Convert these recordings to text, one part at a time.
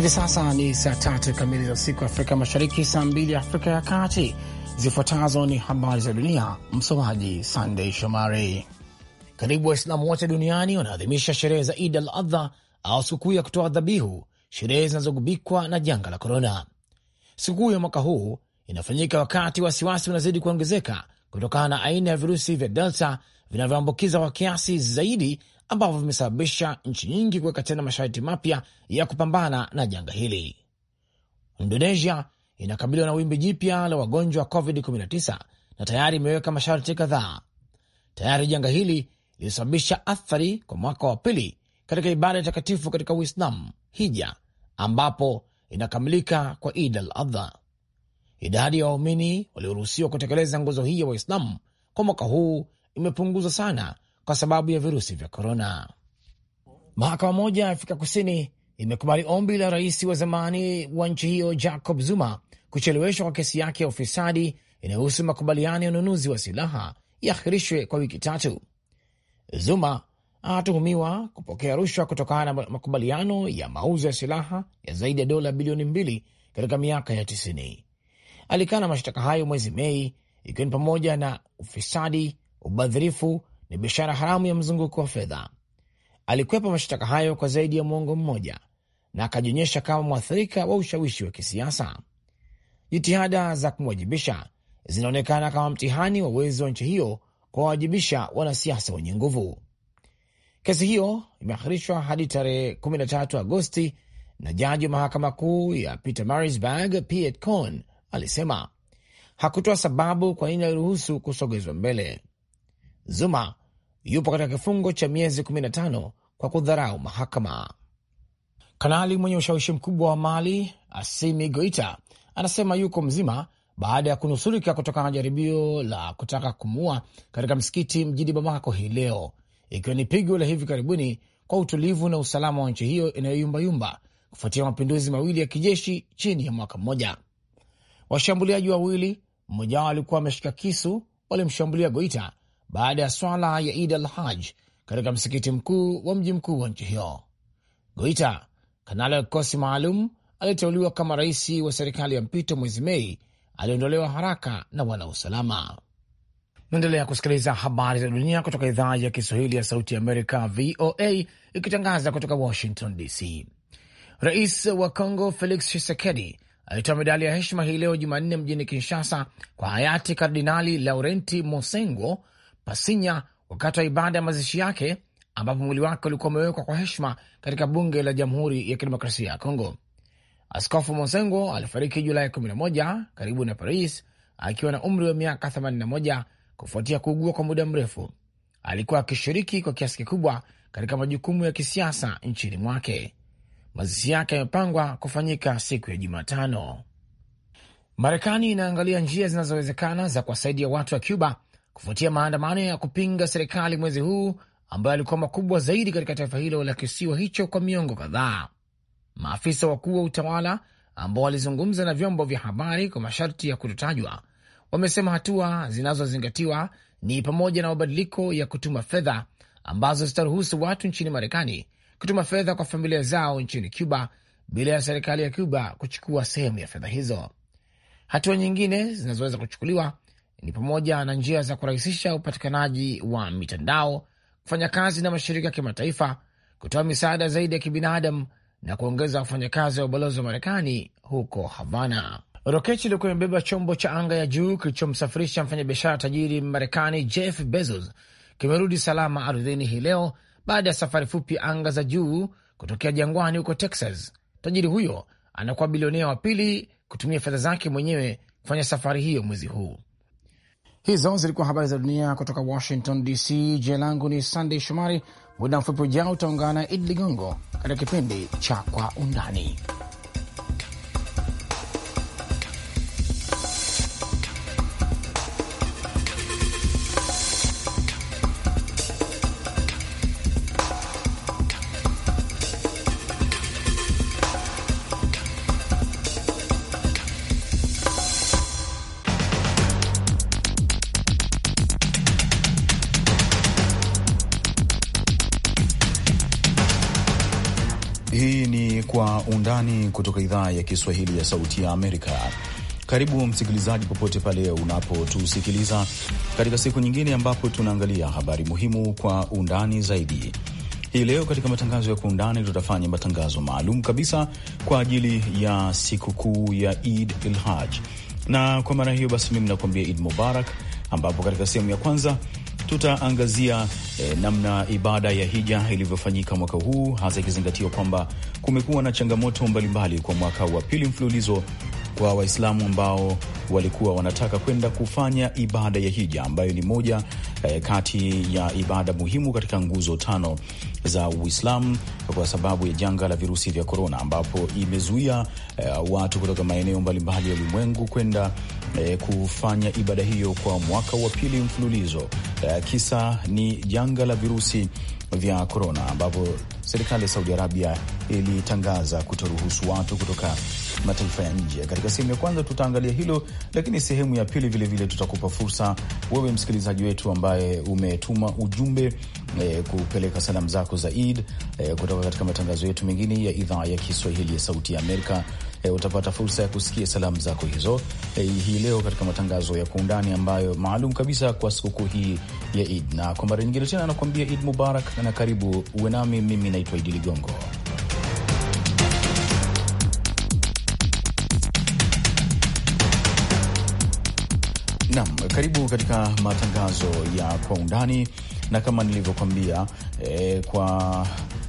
Hivi sasa ni saa tatu kamili za usiku Afrika Mashariki, saa mbili Afrika ya Kati. Zifuatazo ni habari za dunia, msomaji Sandei Shomari. Karibu Waislamu wote duniani wanaadhimisha sherehe za Id al Adha au sikukuu ya kutoa dhabihu, sherehe zinazogubikwa na janga la korona. Sikukuu ya mwaka huu inafanyika wakati wasiwasi unazidi kuongezeka kutokana na aina ya virusi vya Delta vinavyoambukiza kwa kiasi zaidi ambavyo vimesababisha nchi nyingi kuweka tena masharti mapya ya kupambana na janga hili. Indonesia inakabiliwa na wimbi jipya la wagonjwa wa COVID-19 na tayari imeweka masharti kadhaa. Tayari janga hili lilisababisha athari kwa mwaka wa pili katika ibada ya takatifu katika Uislamu, hija, ambapo inakamilika kwa Id al Adha. Idadi ya waumini walioruhusiwa kutekeleza nguzo hii ya Waislamu kwa mwaka huu imepunguzwa sana kwa sababu ya virusi vya korona. Mahakama moja ya Afrika Kusini imekubali ombi la rais wa zamani wa nchi hiyo Jacob Zuma kucheleweshwa kwa kesi yake ya ufisadi inayohusu makubaliano ya ununuzi wa silaha iahirishwe kwa wiki tatu. Zuma anatuhumiwa kupokea rushwa kutokana na makubaliano ya mauzo ya silaha ya zaidi ya dola bilioni mbili katika miaka ya tisini. Alikana mashtaka hayo mwezi Mei, ikiwa ni pamoja na ufisadi, ubadhirifu ni biashara haramu ya mzunguko wa fedha. Alikwepa mashtaka hayo kwa zaidi ya mwongo mmoja na akajionyesha kama mwathirika wa ushawishi wa kisiasa. Jitihada za kumwajibisha zinaonekana kama mtihani wa uwezo wa nchi hiyo kwa wawajibisha wanasiasa wenye nguvu. Kesi hiyo imeahirishwa hadi tarehe 13 Agosti, na jaji wa mahakama kuu ya Pietermaritzburg Piet Koen alisema hakutoa sababu kwa nini aliruhusu kusogezwa mbele. Zuma yupo katika kifungo cha miezi 15 kwa kudharau mahakama. Kanali mwenye ushawishi mkubwa wa Mali Asimi Goita anasema yuko mzima baada ya kunusurika kutokana na jaribio la kutaka kumuua katika msikiti mjini Bamako hii leo, ikiwa ni pigo la hivi karibuni kwa utulivu na usalama wa nchi hiyo inayoyumbayumba kufuatia mapinduzi mawili ya kijeshi chini ya mwaka mmoja. Washambuliaji wawili, mmoja wao alikuwa ameshika kisu, walimshambulia Goita baada ya swala ya Id al Haj katika msikiti mkuu wa mji mkuu wa nchi hiyo. Goita, kanali ya kikosi maalum aliyeteuliwa kama rais wa serikali ya mpito mwezi Mei, aliondolewa haraka na wanausalama. Naendelea kusikiliza habari za dunia kutoka idhaa ya Kiswahili ya Sauti Amerika, VOA, ikitangaza kutoka Washington DC. Rais wa Congo Felix Tshisekedi alitoa medali ya heshima hii leo Jumanne mjini Kinshasa kwa hayati Kardinali Laurenti Mosengo Pasinya wakati wa ibada ya mazishi yake, ambapo mwili wake ulikuwa umewekwa kwa heshima katika bunge la Jamhuri ya Kidemokrasia ya Kongo. Askofu Mosengo alifariki Julai 11 karibu na Paris akiwa na umri wa miaka 81 kufuatia kuugua kwa muda mrefu. Alikuwa akishiriki kwa kiasi kikubwa katika majukumu ya kisiasa nchini mwake. Mazishi yake yamepangwa kufanyika siku ya Jumatano. Marekani inaangalia njia zinazowezekana za kuwasaidia watu wa Cuba kufuatia maandamano ya kupinga serikali mwezi huu ambayo yalikuwa makubwa zaidi katika taifa hilo la kisiwa hicho kwa miongo kadhaa. Maafisa wakuu wa utawala ambao walizungumza na vyombo vya habari kwa masharti ya kutotajwa wamesema hatua zinazozingatiwa ni pamoja na mabadiliko ya kutuma fedha ambazo zitaruhusu watu nchini Marekani kutuma fedha kwa familia zao nchini Cuba bila ya serikali ya Cuba kuchukua sehemu ya fedha hizo. Hatua nyingine zinazoweza kuchukuliwa ni pamoja na njia za kurahisisha upatikanaji wa mitandao, kufanya kazi na mashirika ya kimataifa, kutoa misaada zaidi ya kibinadamu na kuongeza wafanyakazi wa ubalozi wa Marekani huko Havana. Roketi ilikuwa imebeba chombo cha anga ya juu kilichomsafirisha mfanyabiashara tajiri Marekani Jeff Bezos kimerudi salama ardhini hii leo baada ya safari fupi anga za juu kutokea jangwani huko Texas. Tajiri huyo anakuwa bilionea wa pili kutumia fedha zake mwenyewe kufanya safari hiyo mwezi huu. Hizo zilikuwa habari za dunia kutoka Washington DC. Jina langu ni Sandey Shomari. Muda mfupi ujao utaungana na Idi Ligongo katika kipindi cha Kwa Undani. kutoka idhaa ya Kiswahili ya Sauti ya Amerika. Karibu msikilizaji, popote pale unapotusikiliza katika siku nyingine ambapo tunaangalia habari muhimu kwa undani zaidi. Hii leo katika matangazo ya kwa undani tutafanya matangazo maalum kabisa kwa ajili ya sikukuu ya id il haj na kwa maana hiyo basi mimi nakuambia id Mubarak, ambapo katika sehemu ya kwanza tutaangazia eh, namna ibada ya hija ilivyofanyika mwaka huu hasa ikizingatiwa kwamba kumekuwa na changamoto mbalimbali mbali kwa mwaka wa pili mfululizo kwa Waislamu ambao walikuwa wanataka kwenda kufanya ibada ya hija ambayo ni moja eh, kati ya ibada muhimu katika nguzo tano za Uislamu kwa sababu ya janga la virusi vya korona, ambapo imezuia eh, watu kutoka maeneo mbalimbali ya ulimwengu kwenda eh, kufanya ibada hiyo kwa mwaka wa pili mfululizo. Eh, kisa ni janga la virusi vya korona, ambapo serikali ya Saudi Arabia ilitangaza kutoruhusu watu kutoka mataifa ya nje. Katika sehemu ya kwanza tutaangalia hilo, lakini sehemu ya pili vilevile tutakupa fursa wewe msikilizaji wetu ambaye umetuma ujumbe e, kupeleka salamu zako za Eid e, kutoka katika matangazo yetu mengine ya idhaa ya Kiswahili ya Sauti ya Amerika. E, utapata fursa ya kusikia salamu zako hizo e, hii leo katika matangazo ya kwa undani ambayo maalum kabisa kwa sikukuu hii ya Eid. Na kwa mara nyingine tena anakuambia Eid Mubarak na karibu uwe nami, mimi naitwa Idi Ligongo. Nam, karibu katika matangazo ya kwa undani, na kama nilivyokwambia e, eh, kwa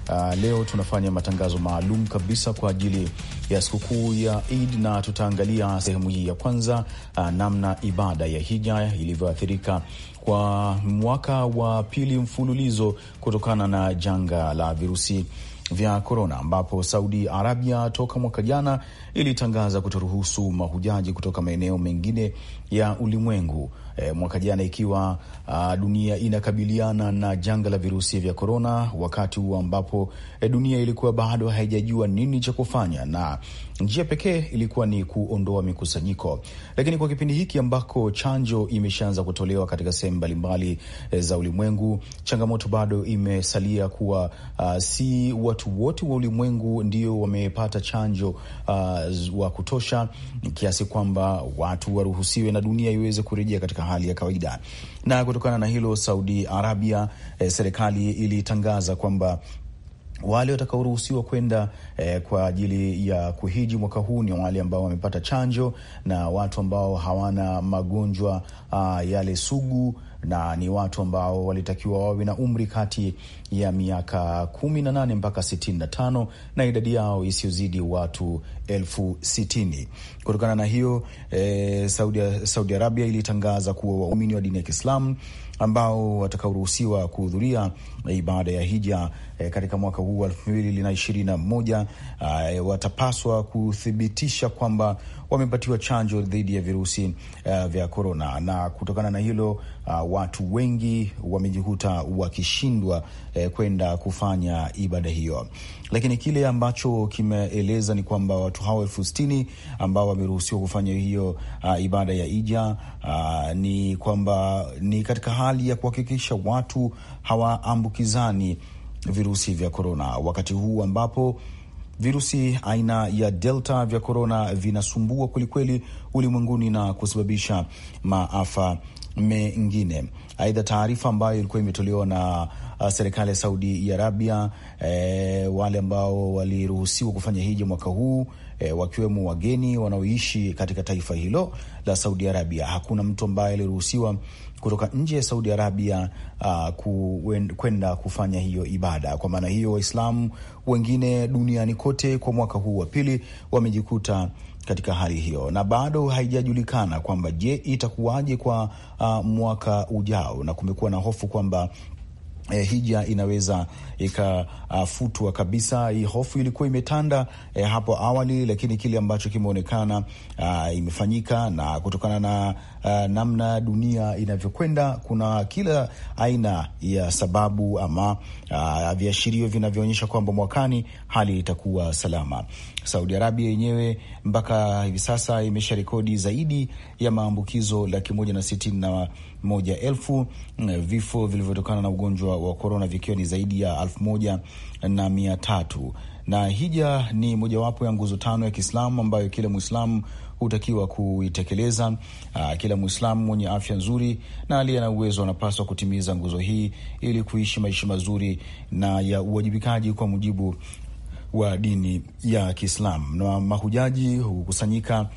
Uh, leo tunafanya matangazo maalum kabisa kwa ajili ya sikukuu ya Eid na tutaangalia sehemu hii ya kwanza, uh, namna ibada ya hija ilivyoathirika kwa mwaka wa pili mfululizo kutokana na janga la virusi vya korona, ambapo Saudi Arabia toka mwaka jana ilitangaza kutoruhusu mahujaji kutoka maeneo mengine ya ulimwengu e, mwaka jana ikiwa a, ah, dunia inakabiliana na janga la virusi vya korona, wakati huo ambapo e, dunia ilikuwa bado haijajua nini cha kufanya na njia pekee ilikuwa ni kuondoa mikusanyiko. Lakini kwa kipindi hiki ambako chanjo imeshaanza kutolewa katika sehemu mbalimbali e, za ulimwengu, changamoto bado imesalia kuwa a, ah, si watu wote wa ulimwengu ndio wamepata chanjo a, ah, wa kutosha, kiasi kwamba watu waruhusiwe na na dunia iweze kurejea katika hali ya kawaida. Na kutokana na hilo, Saudi Arabia eh, serikali ilitangaza kwamba wale watakaoruhusiwa kwenda eh, kwa ajili ya kuhiji mwaka huu ni wale ambao wamepata chanjo na watu ambao hawana magonjwa ah, yale sugu na ni watu ambao walitakiwa wawe na umri kati ya miaka kumi na nane mpaka sitini na tano na idadi yao isiyozidi watu elfu sitini. Kutokana na hiyo e, Saudi, Saudi Arabia ilitangaza kuwa waumini wa dini ya Kiislamu ambao watakaoruhusiwa kuhudhuria eh, ibada ya hija e, katika mwaka huu wa elfu mbili na ishirini na moja eh, watapaswa kuthibitisha kwamba wamepatiwa chanjo dhidi ya virusi uh, vya korona, na kutokana na hilo uh, watu wengi wamejikuta wakishindwa kwenda kufanya ibada hiyo, lakini kile ambacho kimeeleza ni kwamba watu hao elfu sitini ambao wameruhusiwa kufanya hiyo a, ah, ibada ya Ija a, ah, ni kwamba ni katika hali ya kuhakikisha watu hawaambukizani virusi vya korona, wakati huu ambapo virusi aina ya delta vya korona vinasumbua kwelikweli ulimwenguni na kusababisha maafa mengine. Aidha, taarifa ambayo ilikuwa imetolewa na uh, serikali ya Saudi Arabia, e, wale ambao waliruhusiwa kufanya hija mwaka huu e, wakiwemo wageni wanaoishi katika taifa hilo la Saudi Arabia, hakuna mtu ambaye aliruhusiwa kutoka nje ya Saudi Arabia uh, kwenda kufanya hiyo ibada. Kwa maana hiyo, Waislamu wengine duniani kote kwa mwaka huu wa pili wamejikuta katika hali hiyo, na bado haijajulikana kwamba je, itakuwaje kwa uh, mwaka ujao, na kumekuwa na hofu kwamba E, hija inaweza ikafutwa kabisa. Hii hofu ilikuwa imetanda e, hapo awali, lakini kile ambacho kimeonekana uh, imefanyika na kutokana na uh, namna dunia inavyokwenda, kuna kila aina ya sababu ama uh, viashirio vinavyoonyesha kwamba mwakani hali itakuwa salama. Saudi Arabia yenyewe mpaka hivi sasa imesha rekodi zaidi ya maambukizo laki moja na sitini na moja elfu, eh, vifo vilivyotokana na ugonjwa wa korona vikiwa ni zaidi ya alfu moja na mia tatu na hija ni mojawapo ya nguzo tano ya Kiislamu ambayo kila Mwislamu hutakiwa kuitekeleza. Aa, ah, kila Mwislamu mwenye afya nzuri na aliye na uwezo anapaswa kutimiza nguzo hii ili kuishi maisha mazuri na ya uwajibikaji kwa mujibu wa dini ya Kiislamu. Na mahujaji hukusanyika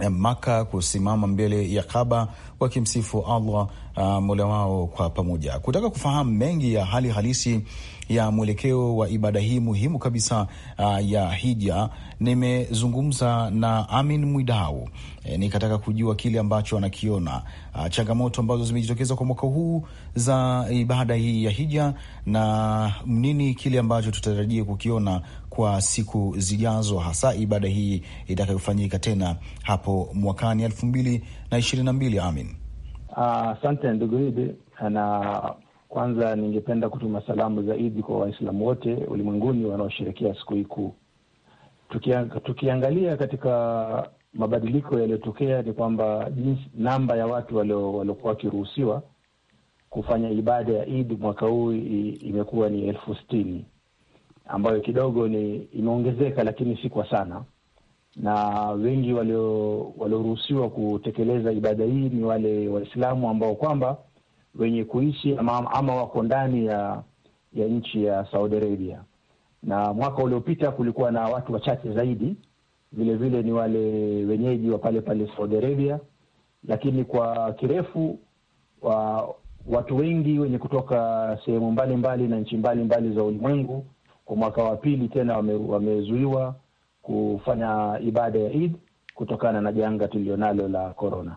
Eh, Maka kusimama mbele ya kaba wakimsifu Allah uh, mola wao kwa pamoja. Kutaka kufahamu mengi ya hali halisi ya mwelekeo wa ibada hii muhimu kabisa uh, ya hija, nimezungumza na Amin Mwidau e, nikataka kujua kile ambacho anakiona uh, changamoto ambazo zimejitokeza kwa mwaka huu za ibada hii ya hija na nini kile ambacho tutarajia kukiona kwa siku zijazo, hasa ibada hii itakayofanyika tena hapo mwakani elfu mbili na ishirini na mbili. Amin. Asante uh, ndugu Idi, na kwanza ningependa kutuma salamu za Idi kwa Waislamu wote ulimwenguni wanaosherekea siku hii kuu. Tukia, tukiangalia katika mabadiliko yaliyotokea ni kwamba jinsi namba ya watu waliokuwa wakiruhusiwa kufanya ibada ya Idi mwaka huu imekuwa ni elfu sitini ambayo kidogo ni imeongezeka, lakini si kwa sana, na wengi walioruhusiwa kutekeleza ibada hii ni wale Waislamu ambao kwamba wenye kuishi ama, ama wako ndani ya ya nchi ya Saudi Arabia, na mwaka uliopita kulikuwa na watu wachache zaidi, vile vile ni wale wenyeji wa pale pale Saudi Arabia, lakini kwa kirefu wa, watu wengi wenye kutoka sehemu mbalimbali na nchi mbalimbali za ulimwengu kwa mwaka wa pili tena wamezuiwa wame kufanya ibada ya Eid kutokana na janga tulilonalo la korona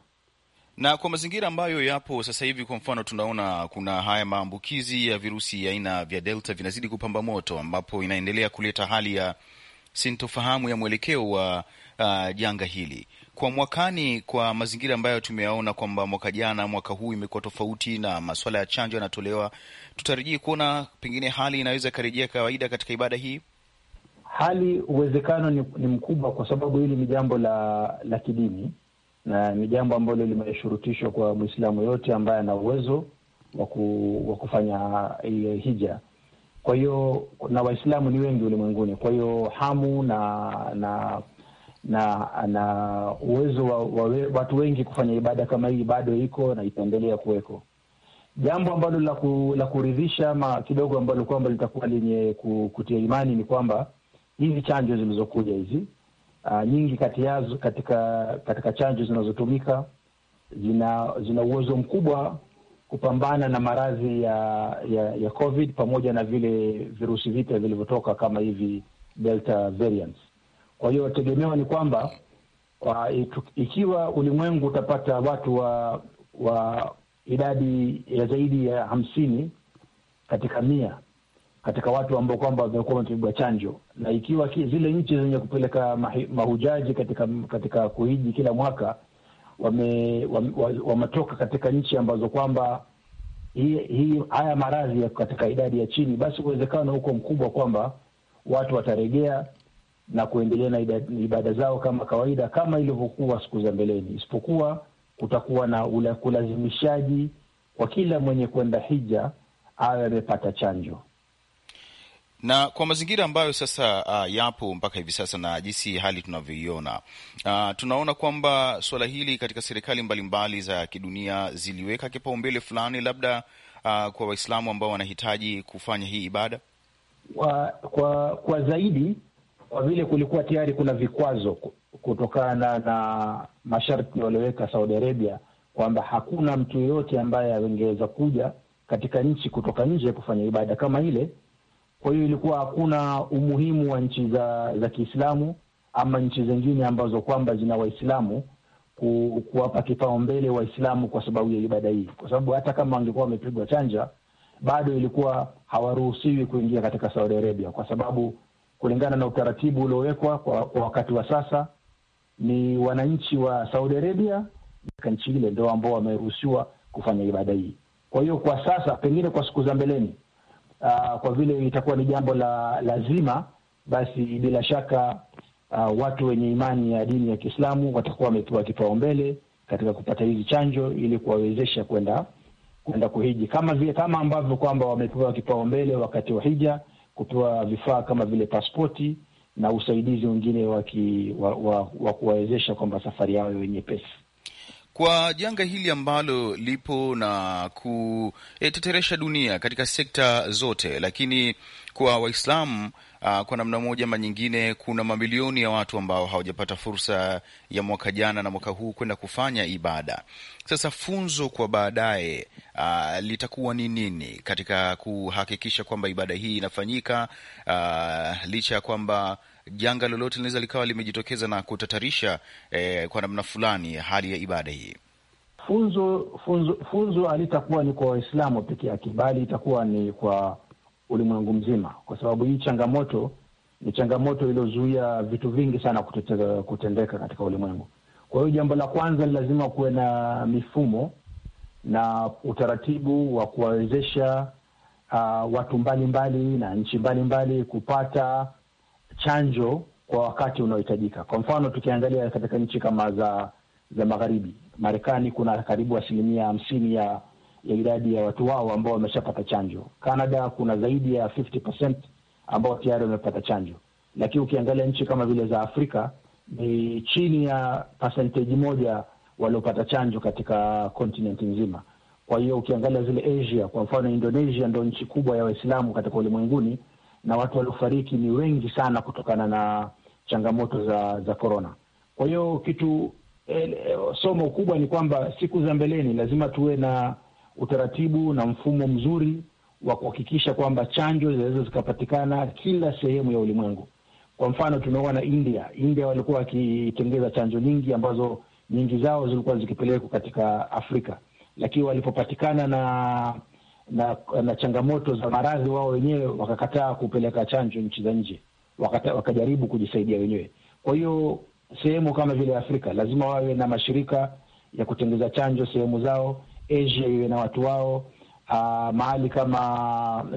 na kwa mazingira ambayo yapo sasa hivi, kwa mfano tunaona kuna haya maambukizi ya virusi aina vya delta vinazidi kupamba moto, ambapo inaendelea kuleta hali ya sintofahamu ya mwelekeo wa uh, janga hili kwa mwakani, kwa mazingira ambayo tumeyaona kwamba mwaka jana, mwaka huu imekuwa tofauti na masuala ya chanjo yanatolewa, tutarajii kuona pengine hali inaweza ikarejea kawaida katika ibada hii? Hali uwezekano ni, ni mkubwa, kwa sababu hili ni jambo la la kidini na ni jambo ambalo limeshurutishwa kwa Mwislamu yote ambaye ana uwezo wa kufanya hija. Kwa hiyo na Waislamu ni wengi ulimwenguni, kwa hiyo hamu na na na ana uwezo wa, wa watu wengi kufanya ibada kama hii bado iko na itaendelea kuweko. Jambo ambalo la, ku, la kuridhisha ama kidogo ambalo kwamba litakuwa lenye kutia imani ni kwamba hizi chanjo zilizokuja hizi uh, nyingi kati yazo katika katika chanjo zinazotumika zina zina uwezo mkubwa kupambana na maradhi ya, ya ya COVID pamoja na vile virusi vipya vilivyotoka kama hivi delta variants. Kwa hiyo wategemewa ni kwamba wa, ikiwa ulimwengu utapata watu wa, wa idadi ya zaidi ya hamsini katika mia katika watu ambao kwamba wamekuwa wamepigwa chanjo, na ikiwa zile nchi zenye kupeleka mahujaji katika katika kuhiji kila mwaka wame, wame, wametoka katika nchi ambazo kwamba hii, hii haya maradhi katika idadi ya chini, basi uwezekano huko mkubwa kwamba watu watarejea na kuendelea na ibada zao kama kawaida kama ilivyokuwa siku za mbeleni, isipokuwa kutakuwa na kulazimishaji kwa kila mwenye kwenda hija awe amepata chanjo na kwa mazingira ambayo sasa uh, yapo mpaka hivi sasa na jinsi hali tunavyoiona, uh, tunaona kwamba suala hili katika serikali mbalimbali za kidunia ziliweka kipaumbele fulani, labda uh, kwa Waislamu ambao wanahitaji kufanya hii ibada kwa, kwa, kwa zaidi kwa vile kulikuwa tayari kuna vikwazo kutokana na masharti walioweka Saudi Arabia kwamba hakuna mtu yeyote ambaye angeweza kuja katika nchi kutoka nje kufanya ibada kama ile. Kwa hiyo ilikuwa hakuna umuhimu wa nchi za za Kiislamu ama nchi zingine ambazo kwamba zina Waislamu ku, kuwapa kipaumbele Waislamu kwa sababu ya ibada hii, kwa sababu hata kama wangekuwa wamepigwa chanja bado ilikuwa hawaruhusiwi kuingia katika Saudi Arabia kwa sababu kulingana na utaratibu uliowekwa kwa, kwa wakati wa sasa ni wananchi wa Saudi Arabia katika nchi ile ndio ambao wameruhusiwa kufanya ibada hii. Kwa hiyo kwa sasa, pengine kwa siku za mbeleni, uh, kwa vile itakuwa ni jambo la lazima, basi bila shaka uh, watu wenye imani ya dini ya Kiislamu watakuwa wamepewa kipaumbele katika kupata hizi chanjo ili kuwawezesha kwenda kwenda kuhiji kama vile kama ambavyo kwamba wamepewa kipaumbele wakati wa hija kupewa vifaa kama vile paspoti na usaidizi wengine wa kuwawezesha kwamba safari yao iwe nyepesi. Kwa janga hili ambalo lipo na kuteteresha dunia katika sekta zote, lakini kwa Waislamu uh, kwa namna moja ama nyingine, kuna mamilioni ya watu ambao hawajapata fursa ya mwaka jana na mwaka huu kwenda kufanya ibada. Sasa funzo kwa baadaye uh, litakuwa ni nini katika kuhakikisha kwamba ibada hii inafanyika uh, licha ya kwamba janga lolote linaweza likawa limejitokeza na kutatarisha eh, kwa namna fulani hali ya ibada hii. Funzo funzo funzo alitakuwa ni kwa Waislamu peke yake, bali itakuwa ni kwa ulimwengu mzima, kwa sababu hii changamoto ni changamoto iliyozuia vitu vingi sana kutete, kutendeka katika ulimwengu. Kwa hiyo jambo la kwanza ni lazima kuwe na mifumo na utaratibu wa kuwawezesha uh, watu mbalimbali mbali, na nchi mbalimbali kupata chanjo kwa wakati unaohitajika. Kwa mfano tukiangalia katika nchi kama za za magharibi, Marekani kuna karibu asilimia hamsini ya ya idadi ya watu wao ambao wameshapata chanjo. Canada kuna zaidi ya 50% ambao tayari wamepata chanjo, lakini ukiangalia nchi kama vile za Afrika ni chini ya percentage moja waliopata chanjo katika kontinenti nzima. Kwa hiyo ukiangalia zile Asia, kwa mfano Indonesia ndo nchi kubwa ya Waislamu katika ulimwenguni, na watu waliofariki ni wengi sana kutokana na changamoto za za korona. Kwa hiyo kitu eh, eh, somo kubwa ni kwamba siku za mbeleni lazima tuwe na utaratibu na mfumo mzuri wa kuhakikisha kwamba chanjo zinaweza zikapatikana kila sehemu ya ulimwengu. Kwa mfano tumeona India. India walikuwa wakitengeza chanjo nyingi ambazo nyingi zao zilikuwa zikipelekwa katika Afrika, lakini walipopatikana na, na na changamoto za maradhi, wao wenyewe wakakataa kupeleka chanjo nchi za nje, wakajaribu kujisaidia wenyewe. Kwa hiyo sehemu kama vile Afrika lazima wawe na mashirika ya kutengeza chanjo sehemu zao Asia iwe na watu wao, uh, mahali kama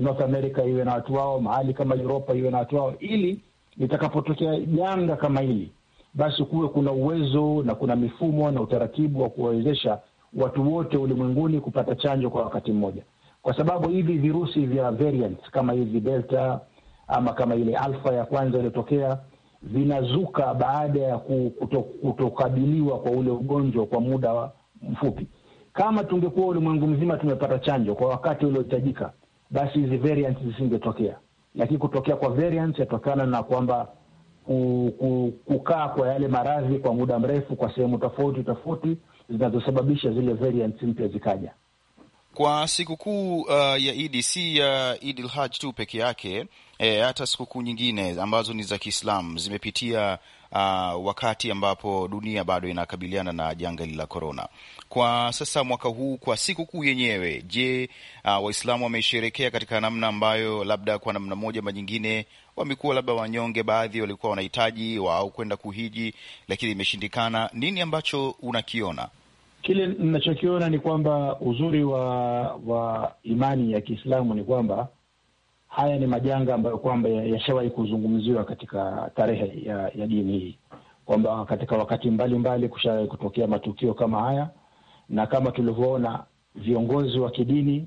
North America iwe na watu wao, mahali kama Europa iwe na watu wao, ili litakapotokea janga kama hili, basi kuwe kuna uwezo na kuna mifumo na utaratibu wa kuwawezesha watu wote ulimwenguni kupata chanjo kwa wakati mmoja, kwa sababu hivi virusi vya variants kama hizi delta ama kama ile alfa ya kwanza iliyotokea vinazuka baada ya kutokabiliwa kwa ule ugonjwa kwa muda mfupi. Kama tungekuwa ulimwengu mzima tumepata chanjo kwa wakati uliohitajika, basi hizi variants zisingetokea, lakini kutokea kwa variants yatokana na kwamba kukaa kwa yale maradhi kwa muda mrefu kwa sehemu tofauti tofauti zinazosababisha zile variants mpya zikaja. Kwa sikukuu uh, ya Idi si ya uh, Idil Haj tu peke yake, eh, hata e, sikukuu nyingine ambazo ni za Kiislamu zimepitia uh, wakati ambapo dunia bado inakabiliana na janga hili la korona. Kwa sasa mwaka huu kwa sikukuu yenyewe, je, uh, Waislamu wamesherekea katika namna ambayo labda kwa namna moja ama nyingine wamekuwa labda wanyonge, baadhi walikuwa wanahitaji au kwenda kuhiji, lakini imeshindikana. Nini ambacho unakiona? Kile ninachokiona ni kwamba uzuri wa, wa imani ya Kiislamu ni kwamba haya ni majanga ambayo kwamba yashawahi kuzungumziwa katika tarehe ya, ya dini hii kwamba katika wakati mbalimbali kushawahi kutokea matukio kama haya, na kama tulivyoona viongozi wa kidini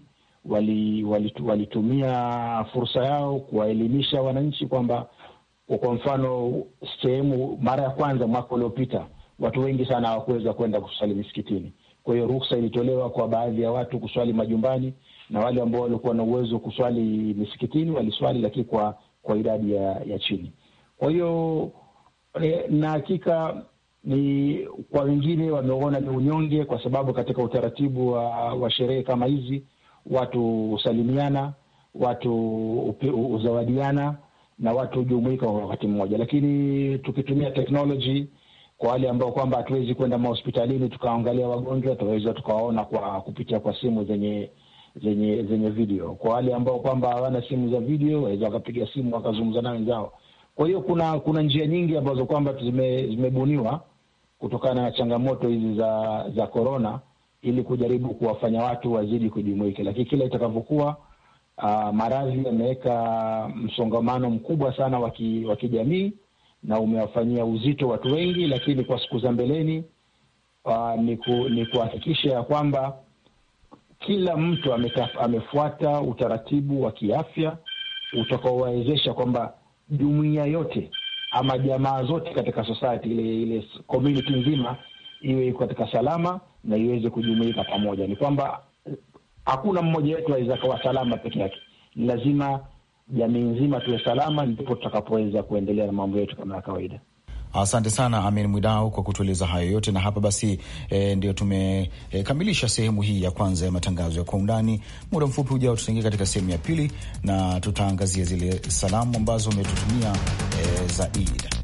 walitumia wali fursa yao kuwaelimisha wananchi kwamba kwa mfano sehemu, mara ya kwanza mwaka uliopita watu wengi sana hawakuweza kwenda kuswali misikitini. Kwa hiyo ruhusa ilitolewa kwa baadhi ya watu kuswali majumbani, na wale ambao walikuwa na uwezo wa kuswali misikitini waliswali, lakini kwa kwa idadi ya, ya chini. Kwa hiyo eh, na hakika ni kwa wengine wameona ni unyonge, kwa sababu katika utaratibu wa, wa sherehe kama hizi watu husalimiana, watu huzawadiana na watu hujumuika kwa wakati mmoja, lakini tukitumia teknoloji kwa wale ambao kwamba hatuwezi kwenda mahospitalini tukaangalia wagonjwa, tunaweza tukawaona kwa kupitia kwa simu zenye zenye zenye video. Kwa wale ambao kwamba hawana simu za video, waweza wakapiga simu wakazungumza na wenzao. Kwa hiyo kuna kuna njia nyingi ambazo kwamba zimebuniwa kutokana na changamoto hizi za za korona, ili kujaribu kuwafanya watu wazidi kujumuika, lakini kila itakavyokuwa ah, maradhi yameweka msongamano mkubwa sana wa kijamii na umewafanyia uzito watu wengi, lakini kwa siku za mbeleni ah, ni kuhakikisha ya kwamba kila mtu ametaf, amefuata utaratibu wa kiafya utakaowawezesha kwamba jumuiya yote ama jamaa zote katika society ile ile community nzima iwe iko katika salama na iweze kujumuika pamoja. Ni kwamba eh, hakuna mmoja wetu aweza kawa salama peke yake, lazima jamii nzima tuwe salama, ndipo tutakapoweza kuendelea na mambo yetu kama ya kawaida. Asante sana Amin Mwidau kwa kutueleza hayo yote, na hapa basi e, ndio tumekamilisha e, sehemu hii ya kwanza ya matangazo ya kwa undani. Muda mfupi ujao tutaingia katika sehemu ya pili na tutaangazia zile salamu ambazo umetutumia e, Zaid.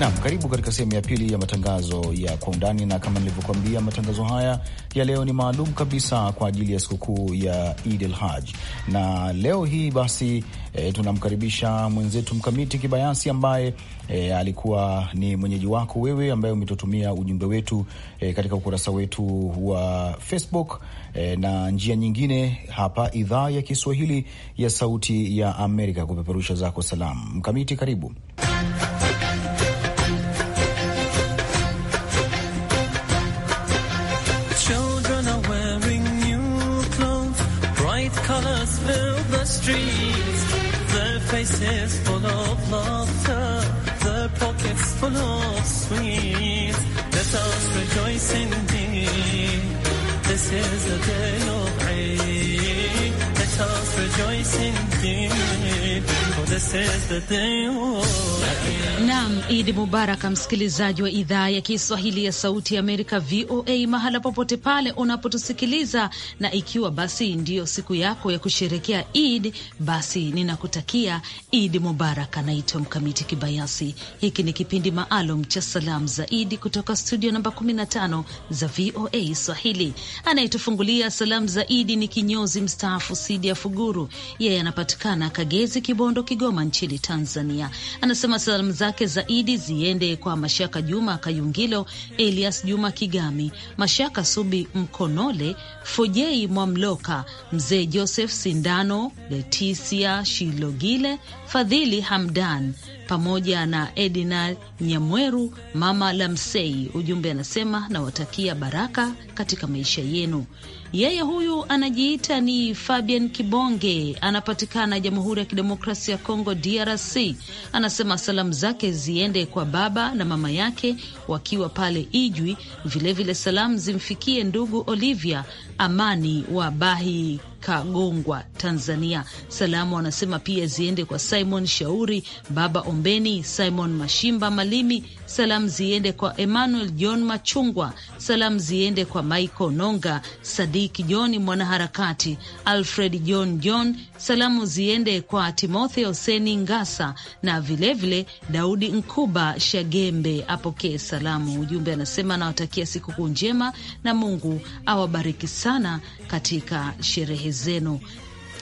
Nam, karibu katika sehemu ya pili ya matangazo ya kwa undani, na kama nilivyokuambia, matangazo haya ya leo ni maalum kabisa kwa ajili ya sikukuu ya Eid el Haj, na leo hii basi e, tunamkaribisha mwenzetu Mkamiti Kibayasi ambaye e, alikuwa ni mwenyeji wako wewe ambaye umetutumia ujumbe wetu e, katika ukurasa wetu wa Facebook e, na njia nyingine hapa idhaa ya Kiswahili ya Sauti ya Amerika kupeperusha zako salamu. Mkamiti, karibu. colors fill the streets, their faces full of laughter, their pockets full of sweets. Let us rejoice indeed. This is the day of Eid. Let us rejoice indeed. For oh, this is the day of Naam, Idi Mubaraka, msikilizaji wa idhaa ya Kiswahili ya Sauti ya Amerika, VOA, mahala popote pale unapotusikiliza. Na ikiwa basi ndiyo siku yako ya kusherekea Id, basi ninakutakia Idi Mubarak. Anaitwa Mkamiti Kibayasi. Hiki ni kipindi maalum cha salamu za Idi kutoka studio namba 15 za VOA Swahili. Anayetufungulia salamu za Idi ni kinyozi mstaafu Sidia Fuguru, yeye anapatikana Kagezi, Kibondo, Kigoma nchini Tanzania. Anasema salamu zake zaidi ziende kwa Mashaka Juma Kayungilo, Elias Juma Kigami, Mashaka Subi Mkonole, Fojei Mwamloka, Mzee Joseph Sindano, Letisia Shilogile, Fadhili Hamdan pamoja na Edina Nyamweru, mama Lamsei. Ujumbe anasema nawatakia baraka katika maisha yenu. Yeye huyu anajiita ni Fabian Kibonge, anapatikana Jamhuri ya Kidemokrasia ya Kongo, DRC. Anasema salamu zake ziende kwa baba na mama yake wakiwa pale Ijwi. Vilevile salamu zimfikie ndugu Olivia Amani wa Bahi Kagongwa, Tanzania. Salamu wanasema pia ziende kwa Simon Shauri, Baba Ombeni, Simon Mashimba Malimi. Salamu ziende kwa Emmanuel John Machungwa. Salamu ziende kwa Michael Nonga, Sadiki John mwanaharakati, Alfred John John. Salamu ziende kwa Timotheo Seni Ngasa na vilevile vile Daudi Nkuba Shagembe apokee salamu. Ujumbe anasema anawatakia sikukuu njema na Mungu awabariki sana katika sherehe Zeno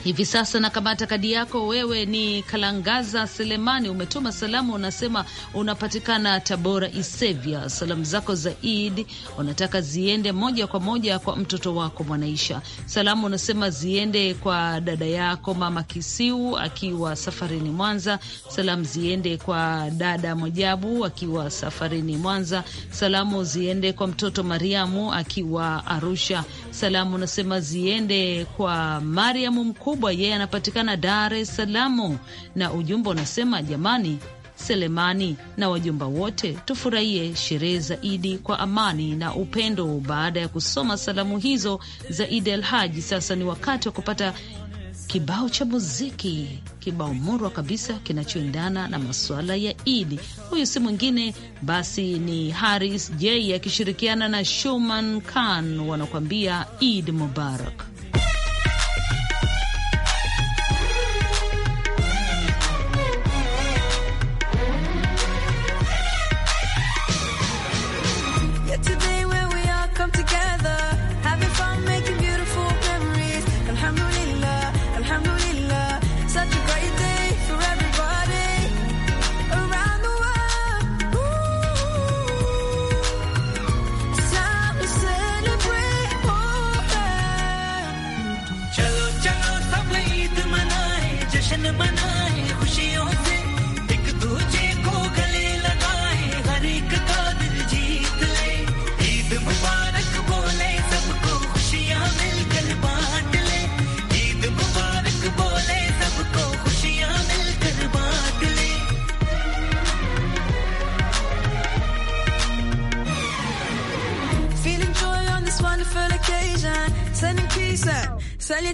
Hivi sasa nakamata kadi yako. Wewe ni Kalangaza Selemani, umetuma salamu, unasema unapatikana Tabora Isevya. Salamu zako za Id unataka ziende moja kwa moja kwa mtoto wako Mwanaisha. Salamu unasema ziende kwa dada yako mama Kisiu akiwa safarini Mwanza. Salamu ziende kwa dada Mojabu akiwa safarini Mwanza. Salamu ziende kwa mtoto Mariamu akiwa Arusha. Salamu unasema ziende kwa Mariamu mkuu mkubwa, yeye anapatikana Dar es Salaam, na ujumbe unasema jamani, Selemani na wajumba wote tufurahie sherehe za Idi kwa amani na upendo. Baada ya kusoma salamu hizo za Idi el Haji, sasa ni wakati wa kupata kibao cha muziki, kibao murwa kabisa kinachoendana na masuala ya Idi. Huyu si mwingine basi ni Haris J akishirikiana na Shuman Khan, wanakuambia Idi Mubarak.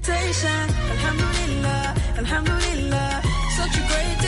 invitation. Alhamdulillah, Alhamdulillah, such a great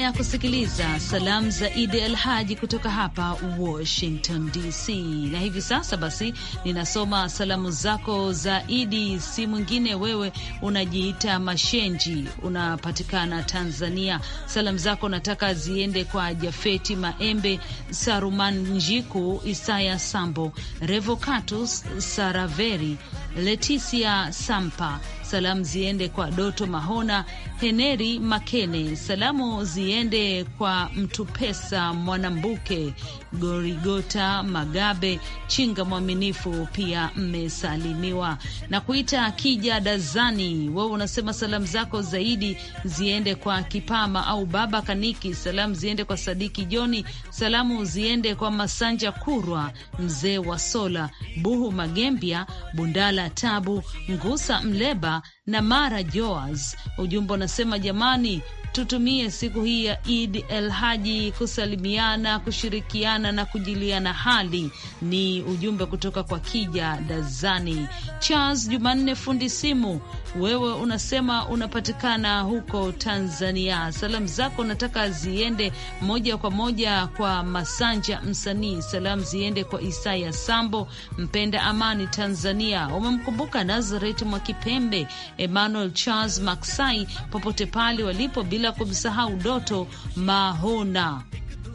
Unaendelea kusikiliza salamu za Idi el Haji kutoka hapa Washington DC, na hivi sasa basi ninasoma salamu zako za Idi. Si mwingine wewe, unajiita Mashenji, unapatikana Tanzania. Salamu zako nataka ziende kwa Jafeti Maembe, Saruman Njiku, Isaya Sambo, Revocatus Saraveri Leticia Sampa. Salamu ziende kwa Doto Mahona, Heneri Makene. Salamu ziende kwa Mtupesa Mwanambuke, Gorigota Magabe, Chinga Mwaminifu, pia mmesalimiwa na kuita Kija Dazani. Wewe unasema salamu zako zaidi ziende kwa Kipama au Baba Kaniki, salamu ziende kwa Sadiki Joni, salamu ziende kwa Masanja Kurwa, mzee wa Sola, Buhu Magembia, Bundala Ela Tabu, Ngusa Mleba na Mara Joas. Ujumbe unasema jamani, tutumie siku hii ya id el Haji kusalimiana, kushirikiana na kujiliana hali. Ni ujumbe kutoka kwa Kija Dazani. Charles Jumanne fundi simu, wewe unasema unapatikana huko Tanzania. Salamu zako nataka ziende moja kwa moja kwa Masanja msanii, salamu ziende kwa Isaya Sambo mpenda amani Tanzania. Umemkumbuka Nazareti Mwakipembe, Emmanuel Charles Maksai popote pale walipo bila bila kumsahau Doto Mahona.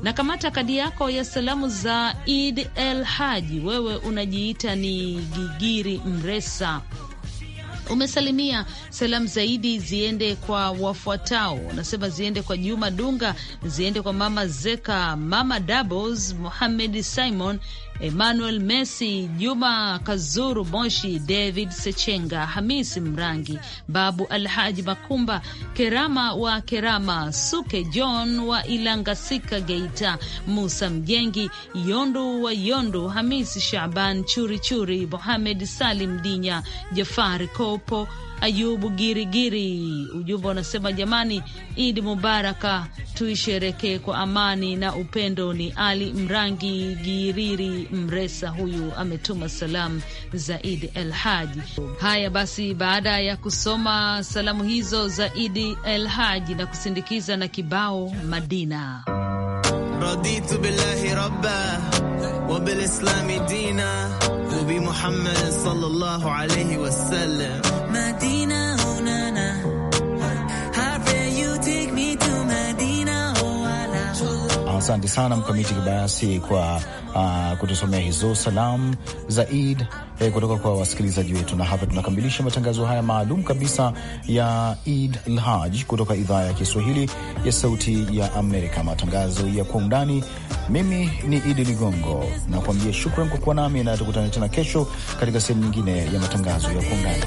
Na kamata kadi yako ya salamu za Id El Haji. Wewe unajiita ni Gigiri Mresa umesalimia salamu zaidi ziende kwa wafuatao. Unasema ziende kwa Juma Dunga, ziende kwa mama Zeka, mama Doubles, Muhamed Simon Emmanuel Messi, Juma Kazuru Moshi, David Sechenga, Hamisi Mrangi, Babu Alhaji Makumba, Kerama wa Kerama, Suke John wa Ilangasika Geita, Musa Mjengi, Yondu wa Yondu, Hamisi Shaban Churichuri, Mohamed Salim Dinya, Jafari Kopo Ayubu Girigiri. Ujumbe unasema jamani, Idi Mubaraka, tuisherekee kwa amani na upendo. Ni Ali Mrangi Giriri Mresa, huyu ametuma salamu za Idi El Haji. Haya basi, baada ya kusoma salamu hizo za Idi El Haji na kusindikiza na kibao Madina Raditu billahi rabba wa bilislami dina wa bi Muhammad sallallahu alayhi wasallam Oh, oh, Asante sana Mkamiti Kibayasi kwa uh, kutusomea hizo salamu za Id eh, kutoka kwa wasikilizaji wetu, na hapa tunakamilisha matangazo haya maalum kabisa ya Id lhaj kutoka idhaa ya Kiswahili ya Sauti ya Amerika, matangazo ya Kwa Undani. Mimi ni Idi Ligongo na kuambia shukran kwa kuwa nami, na tukutane tena kesho katika sehemu nyingine ya matangazo ya Kwa Undani.